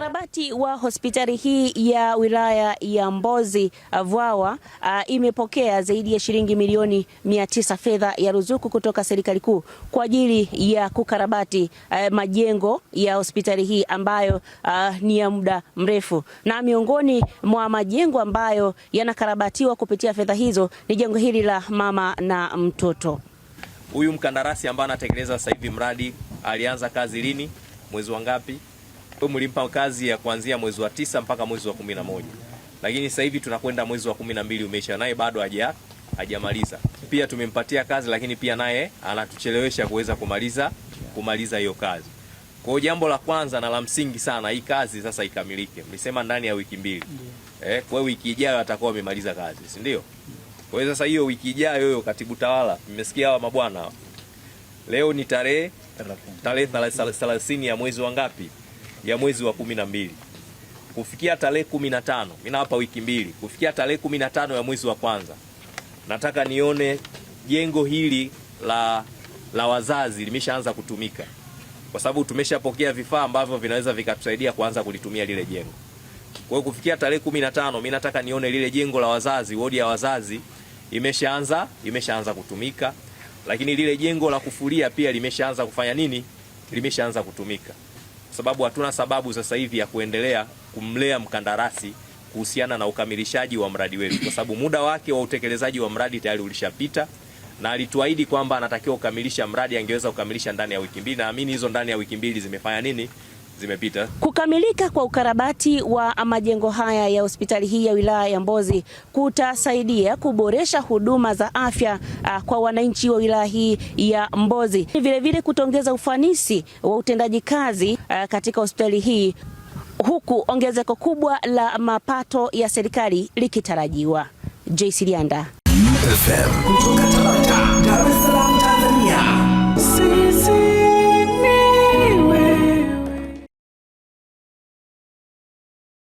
Ukarabati wa hospitali hii ya wilaya ya Mbozi vwawa uh, imepokea zaidi ya shilingi milioni mia tisa fedha ya ruzuku kutoka serikali kuu kwa ajili ya kukarabati uh, majengo ya hospitali hii ambayo uh, ni ya muda mrefu, na miongoni mwa majengo ambayo yanakarabatiwa kupitia fedha hizo ni jengo hili la mama na mtoto. Huyu mkandarasi ambaye anatekeleza sasa hivi mradi alianza kazi lini, mwezi wa ngapi? Kwa hiyo mlimpa kazi ya kuanzia mwezi wa tisa mpaka mwezi wa kumi na moja lakini sasa hivi tunakwenda mwezi wa kumi na mbili umeisha, naye bado haja hajamaliza. Pia tumempatia kazi, lakini pia naye anatuchelewesha kuweza kumaliza kumaliza hiyo kazi. Kwa jambo la kwanza na la msingi sana, hii kazi sasa ikamilike. Mlisema ndani ya wiki mbili, yeah. Eh, kwa wiki ijayo atakuwa amemaliza kazi, si ndio? Kwa hiyo sasa hiyo wiki ijayo hiyo, katibu tawala, mmesikia hawa mabwana, leo ni tarehe tarehe 30 ya mwezi wa ngapi? ya mwezi wa kumi na mbili kufikia tarehe kumi na tano mimi hapa wiki mbili, kufikia tarehe kumi na tano ya mwezi wa kwanza nataka nione jengo hili la, la wazazi limeshaanza kutumika, kwa sababu tumeshapokea vifaa ambavyo vinaweza vikatusaidia kuanza kulitumia lile jengo. Kwa hiyo kufikia tarehe kumi na tano mimi nataka nione lile jengo la wazazi, wodi ya wazazi imeshaanza imeshaanza kutumika, lakini lile jengo la kufulia pia limeshaanza kufanya nini, limeshaanza kutumika kwa sababu hatuna sababu sasa hivi ya kuendelea kumlea mkandarasi kuhusiana na ukamilishaji wa mradi wetu, kwa sababu muda wake wa utekelezaji wa mradi tayari ulishapita, na alituahidi kwamba anatakiwa kukamilisha mradi, angeweza kukamilisha ndani ya wiki mbili. Naamini hizo ndani ya wiki mbili zimefanya nini, zimepita. Kukamilika kwa ukarabati wa majengo haya ya hospitali hii ya wilaya ya Mbozi kutasaidia kuboresha huduma za afya a, ah, kwa wananchi wa wilaya hii ya Mbozi, vilevile kutaongeza ufanisi wa utendaji kazi a, ah, katika hospitali hii huku ongezeko kubwa la mapato ya serikali likitarajiwa. JC Lianda FM.